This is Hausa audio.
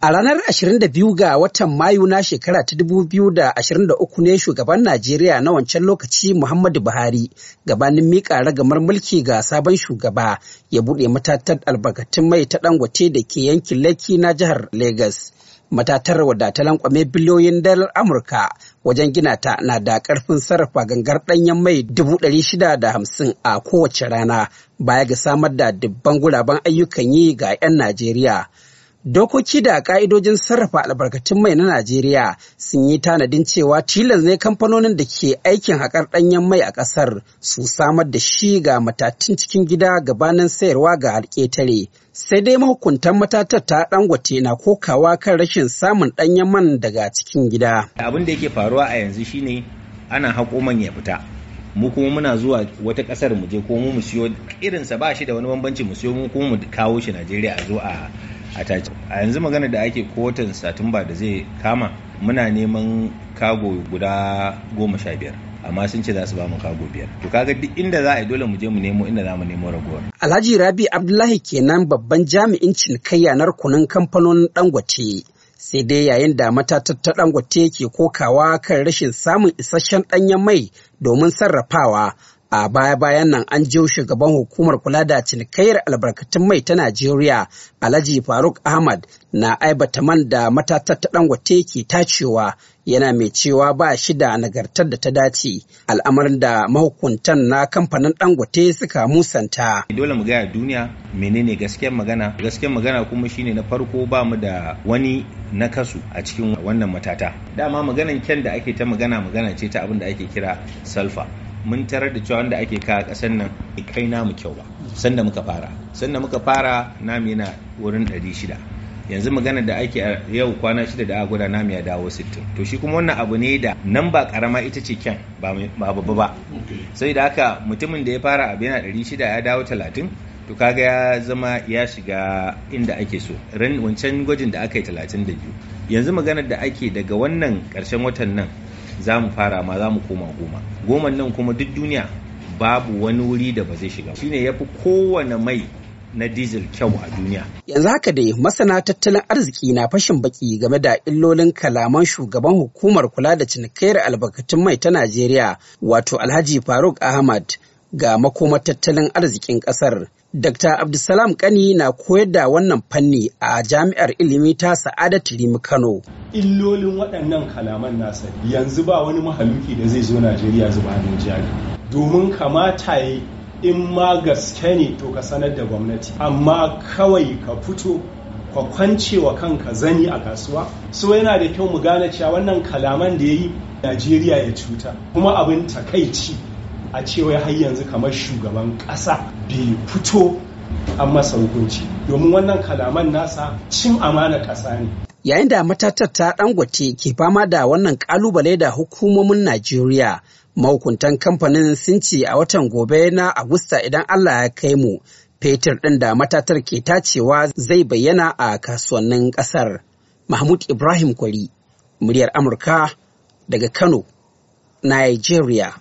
A ranar 22 ga watan Mayu na shekara ta 2023 ne shugaban Najeriya na wancan lokaci Muhammadu Buhari gabanin miƙa ragamar mulki ga sabon shugaba ya buɗe matatar albarkatun mai ta dangote da ke yankin Lekki na jihar Legas. Matatar wadda ta lankwame biliyoyin dalar Amurka wajen gina ta na da ƙarfin sarrafa gangar ɗanyen mai 650 a kowace rana baya ga samar da dubban guraben ayyukan yi ga 'yan Najeriya. Dokoki da ƙa'idojin sarrafa albarkatun mai na Najeriya sun yi tanadin cewa tilas ne kamfanonin da ke aikin haƙar ɗanyen mai a ƙasar su samar da shi ga matatun cikin gida gabanin sayarwa ga alƙetare. Sai dai mahukuntan matatar ta dangote na kokawa kan rashin samun ɗanyen man daga cikin gida. Abin da yake faruwa a yanzu shine ana haƙo man ya fita. Mu kuma muna zuwa wata ƙasar mu je ko mu siyo irinsa ba shi da wani bambanci mu siyo mu kuma mu kawo shi Najeriya a zo a a tace a yanzu magana da ake kotun satumba da zai kama muna neman kago guda goma sha biyar amma sun ce za su ba kago biyar to kaga duk inda za a yi dole mu je mu nemo inda za mu nemo ragowar alhaji rabi abdullahi kenan babban jami'in cinikayya na rukunin kamfanonin dangote sai dai yayin da matatar ta dangote ke kokawa kan rashin samun isasshen danyen mai domin sarrafawa a baya-bayan nan an jiyo shugaban hukumar kula da cinikayyar albarkatun mai ta najeriya alhaji faruk ahmad na aibata man da matatar ta dangote ke tacewa yana mai cewa ba shi da nagartar da ta dace al'amarin da mahukuntan na kamfanin dangote suka musanta dole mu gaya duniya menene gaskiyar magana gaskiyar magana kuma shine na farko ba mu da wani nakasu a cikin wannan matata dama maganan kyan da ake ta magana magana ce ta abin da ake kira salfa mun tarar da cewa da ake kawo ƙasar nan kai namu kyau ba sanda muka fara sanda muka fara namu yana wurin 600 yanzu magana da ake yau kwana shida da aka namu ya dawo 60 to shi kuma wannan abu ne da nan ba karama ita ce kyan ba babba ba sai da haka mutumin da ya fara abu yana 600 ya dawo 30 to kaga ya zama ya shiga inda ake so ran wancan gwajin da aka yi 32 yanzu maganar da ake daga wannan ƙarshen watan nan za mu fara ma za mu koma goma goman nan kuma duk duniya babu wani wuri da ba zai shiga shine ya fi kowane mai na dizil kyau a duniya. Yanzu haka dai masana tattalin arziki na fashin baki game da illolin kalaman shugaban hukumar kula da cinikayar albarkatun mai ta Najeriya wato Alhaji Faruk Ahmad ga makomar tattalin arzikin ƙasar. Dr. Abdulsalam Kani na koyar da wannan fanni a jami'ar ilimi ta Sa'adatu Rimi Kano. Illolin waɗannan kalaman nasa yanzu ba wani mahaluki da zai zo Najeriya zuba hannun jari. Domin kamata yi in ma gaske ne to ka sanar da gwamnati amma kawai ka fito ka kwance wa kanka zani a kasuwa so yana da kyau mu gane cewa wannan kalaman da ya yi najeriya ya cuta kuma abin takaici a cewa har yanzu kamar shugaban ƙasa bai fito an masa hukunci domin wannan kalaman nasa cin amana ƙasa ne yayin da matatar ta dangote ke fama da wannan kalubale da hukumomin najeriya mahukuntan kamfanin sun ce a watan gobe na agusta idan allah ya kai mu fetur ɗin da matatar ke tacewa zai bayyana a kasuwannin ƙasar mahmud ibrahim kwari muryar amurka daga kano nigeria